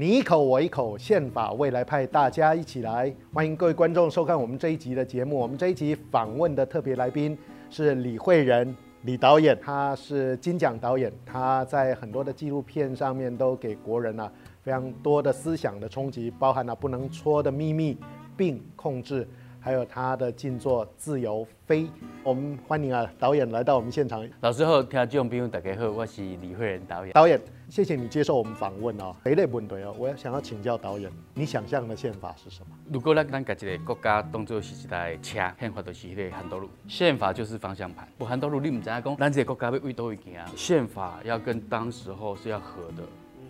你一口我一口，憲法未來派，大家一起來！歡迎各位觀眾收看我們這一集的節目。我們這一集訪問的特別來賓是李惠仁李導演，他是金獎導演，他在很多的紀錄片上面都給國人啊非常多的思想的衝擊，包含了、啊、不能戳的秘密，並控制，還有他的靜坐自由飛。我們歡迎啊導演來到我們現場。老師好，聽眾朋友大家好，我是李惠仁導演。導演。謝謝你接受我們訪問啊，第一個問題啊、哦、我也想要請教導演，你想象的憲法是什麼？如果讓咱家一個國家當作是一台車，憲法就是一列很多路，憲法就是方向盤。無很多路你不知影講咱只個國家要往倒一行啊？憲法要跟當時候是要合的。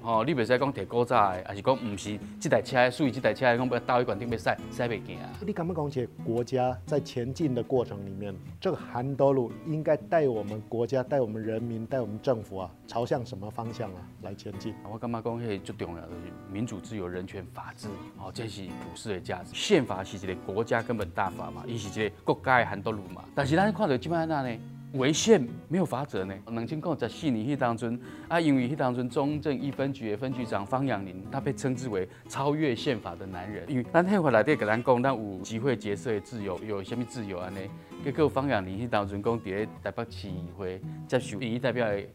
哦，你袂使講提高價，還是講唔是即台車屬於即台車，講要到血管頂要塞塞袂行。你敢不敢講起國家在前進的過程裡面，這個韓多路應該帶我們國家、帶我們人民、帶我們政府啊，朝向什麼方向啊來前進？我感覺講迄個最重要的是民主、自由、人權、法治，哦，這是普世的價值。憲法是一個國家根本大法嘛，伊是一個國家的韓多路嘛，但是咱看到現在怎樣呢？違憲沒有法則呢。2004年迄當中，啊，因為迄當中，中正一分局分局長方仰寧，他被稱之為超越憲法的男人。因為咱迄內底，給咱講，咱有集會結社的自由，有什麼自由安呢？結果方仰寧迄當中講，佇咧台北市議會接受民意代表的誒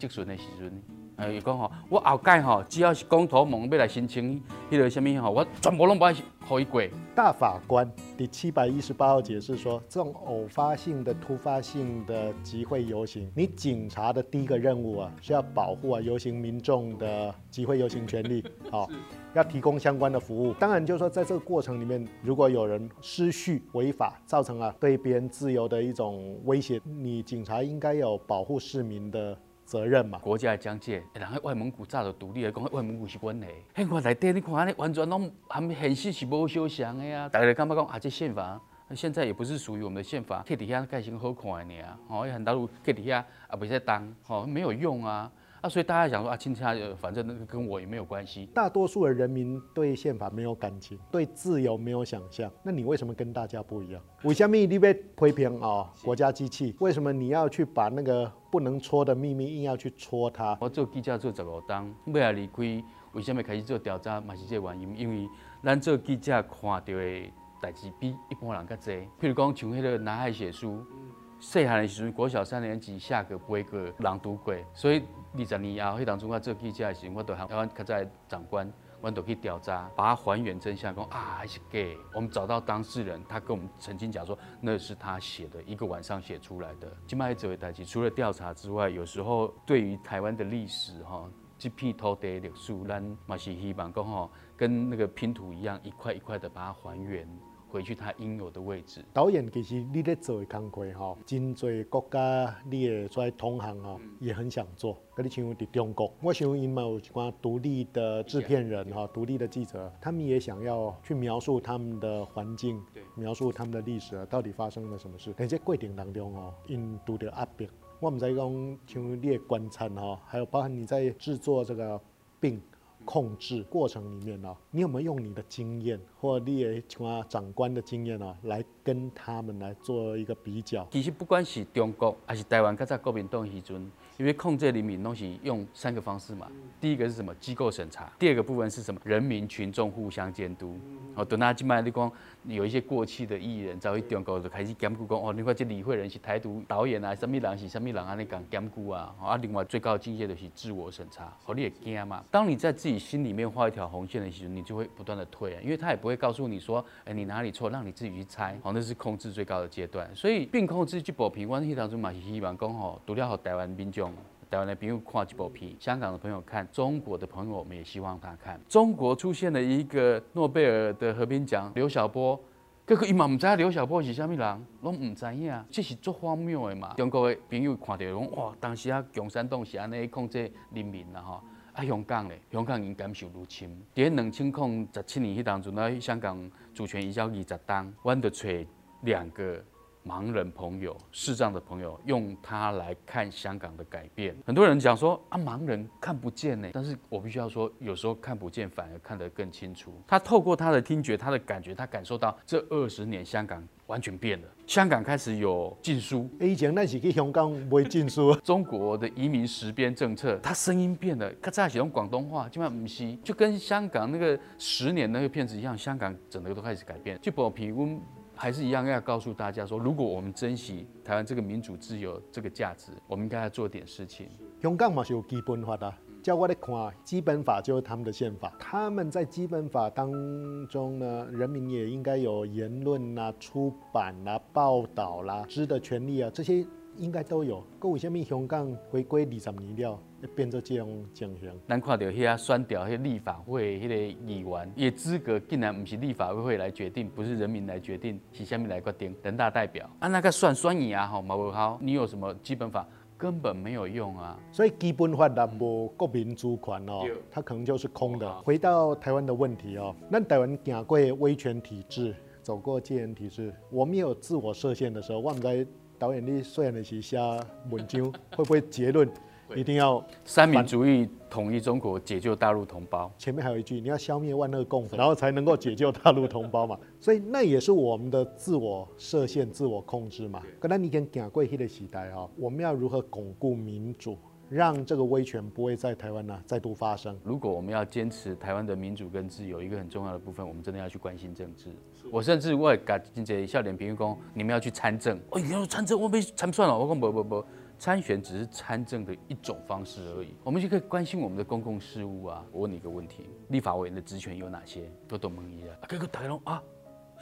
質詢的時陣。誒，講吼，我後界吼，只要是公投夢要來申請，迄個什麼吼，我全部攏還是可以過。大法官第七百一十八號解釋說，這種偶發性的、突發性的集會遊行，你警察的第一個任務啊，是要保護啊遊行民眾的集會遊行權利，好、 哦，要提供相關的服務。當然，就是說在這個過程裡面，如果有人失序、違法，造成了、啊、對別人自由的一種威脅，你警察應該要保護市民的。責任嘛，國家的疆界，人喺外蒙古早就獨立嚟講，外蒙古是關內。喺我內底你看，咧完全攏含現實是冇相像的呀、啊。大家感覺講啊，這個憲法現在也不是屬於我們的憲法，克底下蓋成好看誒爾，吼要喊大陸克底下也不才當，哦，沒有用啊。啊、所以大家想說啊，親像反正那個跟我也沒有關係。大多數的人民對憲法沒有感情，對自由沒有想象。那你為什麼跟大家不一樣？為什麼你要批評啊、哦？國家機器？為什麼你要去把那個不能戳的秘密硬要去戳它？我做記者做十五冬，要離開，為什麼開始做調查？嘛是這個原因，因為咱做記者看到的代志比一般人更濟。譬如講像那個男孩寫書。嗯細漢的時陣，國小三年級下個、八個朗讀過，所以二十年以後，迄當陣我做記者的時，我都喊台灣現在長官，我都去調查，把它還原真相。講啊，還是給我們找到當事人，他跟我們曾經講說，那是他寫的一個晚上寫出來的。今嘛還做為大事，除了調查之外，有時候對於台灣的歷史，哈，這片土地的歷史，咱嘛是希望講哈，跟那個拼圖一樣，一塊一塊的把它還原。回去他應有的位置。導演，其實你在做的工作吼，真多國家你所在同行也很想做。嗰啲，像在中國，我想有蠻有寡獨立的制片人吼，獨立的記者，他們也想要去描述他們的環境，描述他們的歷史，到底發生了什麼事。而這過程當中哦，印度的阿兵，我毋知講，像你的觀察還有包含你在製作這個病控制過程裡面呢，你有沒有用你的經驗或你的什麼長官的經驗呢，來跟他們來做一個比較？其實不管是中國還是台灣，剛才國民黨時候因為控制人民東西用三個方式嘛，第一個是什麼機構審查，第二個部分是什麼人民群眾互相監督。哦，等他進來，你講有一些過氣的藝人，在中國就開始監督講哦，你看這李惠仁是台獨導演啊，什麼人是什麼人啊？那講監督啊，啊，另外最高境界就是自我審查。哦，你也驚嘛？當你在自己心裡面畫一條紅線的時候，你就會不斷的退啊，因為他也不會告訴你說，哎，你哪裡錯，讓你自己去猜。哦，那是控制最高的階段。所以，並控制去保平安，當中嘛是希望講哦，獨立好台灣民眾。台灣的朋友看這部片，香港的朋友看，中國的朋友，我們也希望他看。中國出現了一個諾貝爾的和平獎，劉曉波。這個伊嘛唔知啊，劉曉波是蝦米人，攏唔知呀、啊。這是足荒謬的嘛。中國的朋友看到，哇，當時啊，共產黨是安尼控制人民啊，吼啊，香港咧，香港人感受入侵。在兩千零十七年迄當中，咧香港主權移交二十冬，阮著找兩個。盲人朋友、視障的朋友用它來看香港的改變。很多人講說啊，盲人看不見呢，但是我必須要說，有時候看不見反而看得更清楚。他透過他的聽覺、他的感覺，他感受到這二十年香港完全變了。香港開始有禁書，欸、以前那是去香港買禁書 中國的移民實邊政策，他聲音變了，他再喜歡廣東話，基本上唔是，就跟香港那個十年那個片子一樣，香港整個都開始改變，就還是一樣要告訴大家說，如果我們珍惜台灣這個民主自由這個價值，我們應該要做點事情。香港嘛是有基本法啦，叫我來看啊，基本法就是他們的憲法。他們在基本法當中呢，人民也應該有言論啊、出版啊、報道啦、啊、知的權利啊，這些。應該都有。嗰，為什麼香港回歸二十年了，變做這樣景象？咱看到遐選那些立法會、那個議員，個資格竟然不是立法會會來決定，不是人民來決定，是下面來決定？人大代表啊，啊，那個算雙魚啊，好毛不好。你有什麼基本法，根本沒有用啊。所以基本法啊，無國民主權哦，它，可能就是空的。回到台灣的問題哦，咱台灣走過威權體制，走過戒嚴體制，我們有自我設限的時候，我們在。導演，你雖然的是寫文章，會不會結論一定要三民主義統一中國，解救大陸同胞？前面還有一句，你要消滅萬惡共匪，然後才能夠解救大陸同胞嘛。 所以那也是我們的自我設限、 自我控制嘛。可能你跟我們已經走過那個時代啊、哦，我們要如何鞏固民主？讓這個威權不會在台灣呢再度發生。如果我們要堅持台灣的民主跟自由，一個很重要的部分，我們真的要去關心政治。我甚至會跟金姐笑點評語說：“你們要去參政。”哎，你要參政，我沒參算了。我講不不不，參選只是參政的一種方式而已。我們就可以關心我們的公共事務啊。我問你一個問題：立法委員的職權有哪些？多多都懂蒙伊啊。這個台龍啊，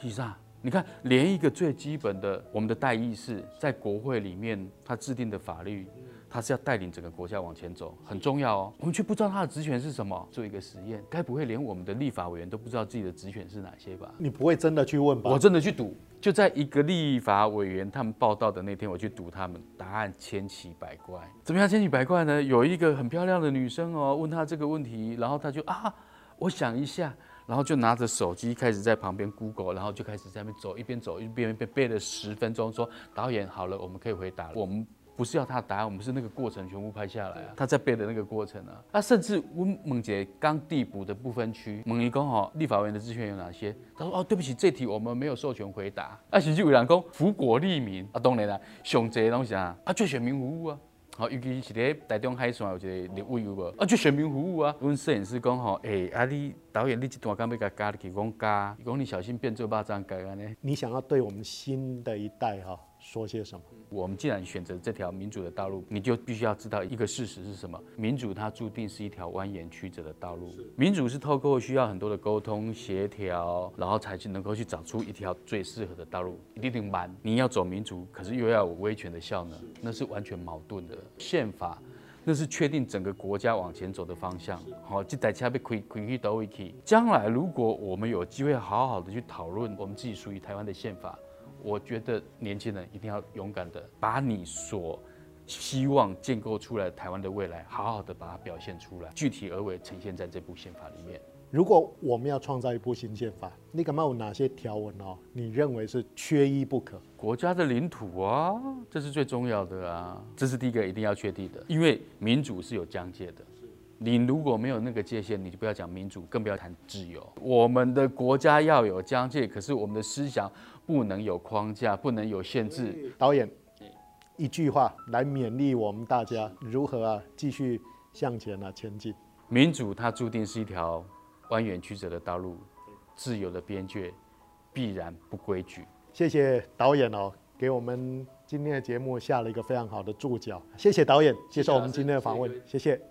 是啥，你看，連一個最基本的我們的代議士在國會裡面他制定的法律。他是要帶領整個國家往前走，很重要哦。我們卻不知道他的職權是什麼。做一個實驗，該不會連我們的立法委員都不知道自己的職權是哪些吧？你不會真的去問吧？我真的去堵。就在一個立法委員他們報到的那天，我去堵他們，答案千奇百怪。怎麼樣，千奇百怪呢？有一個很漂亮的女生哦，問她這個問題，然後她就啊，我想一下，然後就拿着手機開始在旁邊 Google，然後就開始在那邊走，一邊走一邊背，背了十分鐘說，說導演好了，我們可以回答我們。不是要他答案，我們是那個過程全部拍下來啊，他在背的那個過程啊，啊，甚至我們問一個剛遞補的不分區，問伊講吼，立法委員的職權有哪些？他說哦，對不起，這題我們沒有授權回答。啊，甚至有人講福國利民啊，當然啦，上這東西啊，啊，就選民服務啊，好、啊，尤其是咧台中海線有一個立委有無、哦？啊，就選民服務啊。我攝影師講吼，誒、欸，啊你導演你這段干要加加，伊講加，伊講你小心變做巴掌加咧。你想要對我們新的一代哈？說些什麼？我們既然選擇這條民主的道路，你就必須要知道一個事實是什麼？民主它注定是一條蜿蜒曲折的道路。民主是透過需要很多的溝通協調，協調，然後才去能夠去找出一條最適合的道路。一定得慢。你要走民主，可是又要有威權的效能，那是完全矛盾的。憲法那是確定整個國家往前走的方向這。好，就大家被虧虧去到一起。將來如果我們有機會好好的去討論我們自己屬於台灣的憲法。我覺得年輕人一定要勇敢的把你所希望建構出來的台灣的未來，好好的把它表現出來，具體而為呈現在這部憲法裡面。如果我們要創造一部新憲法，你感有哪些條文哦？你認為是缺一不可？國家的領土啊，這是最重要的啊，這是第一個一定要確定的，因為民主是有疆界的。你如果沒有那個界限，你就不要講民主，更不要談自由。我們的國家要有疆界，可是我們的思想不能有框架，不能有限制。導演，一句話來勉勵我們大家，如何啊繼續向前啊前進？民主它注定是一條蜿蜒曲折的道路，自由的邊界必然不規矩。謝謝導演哦，給我們今天的節目下了一個非常好的注腳。謝謝導演接受我們今天的訪問，謝謝。謝謝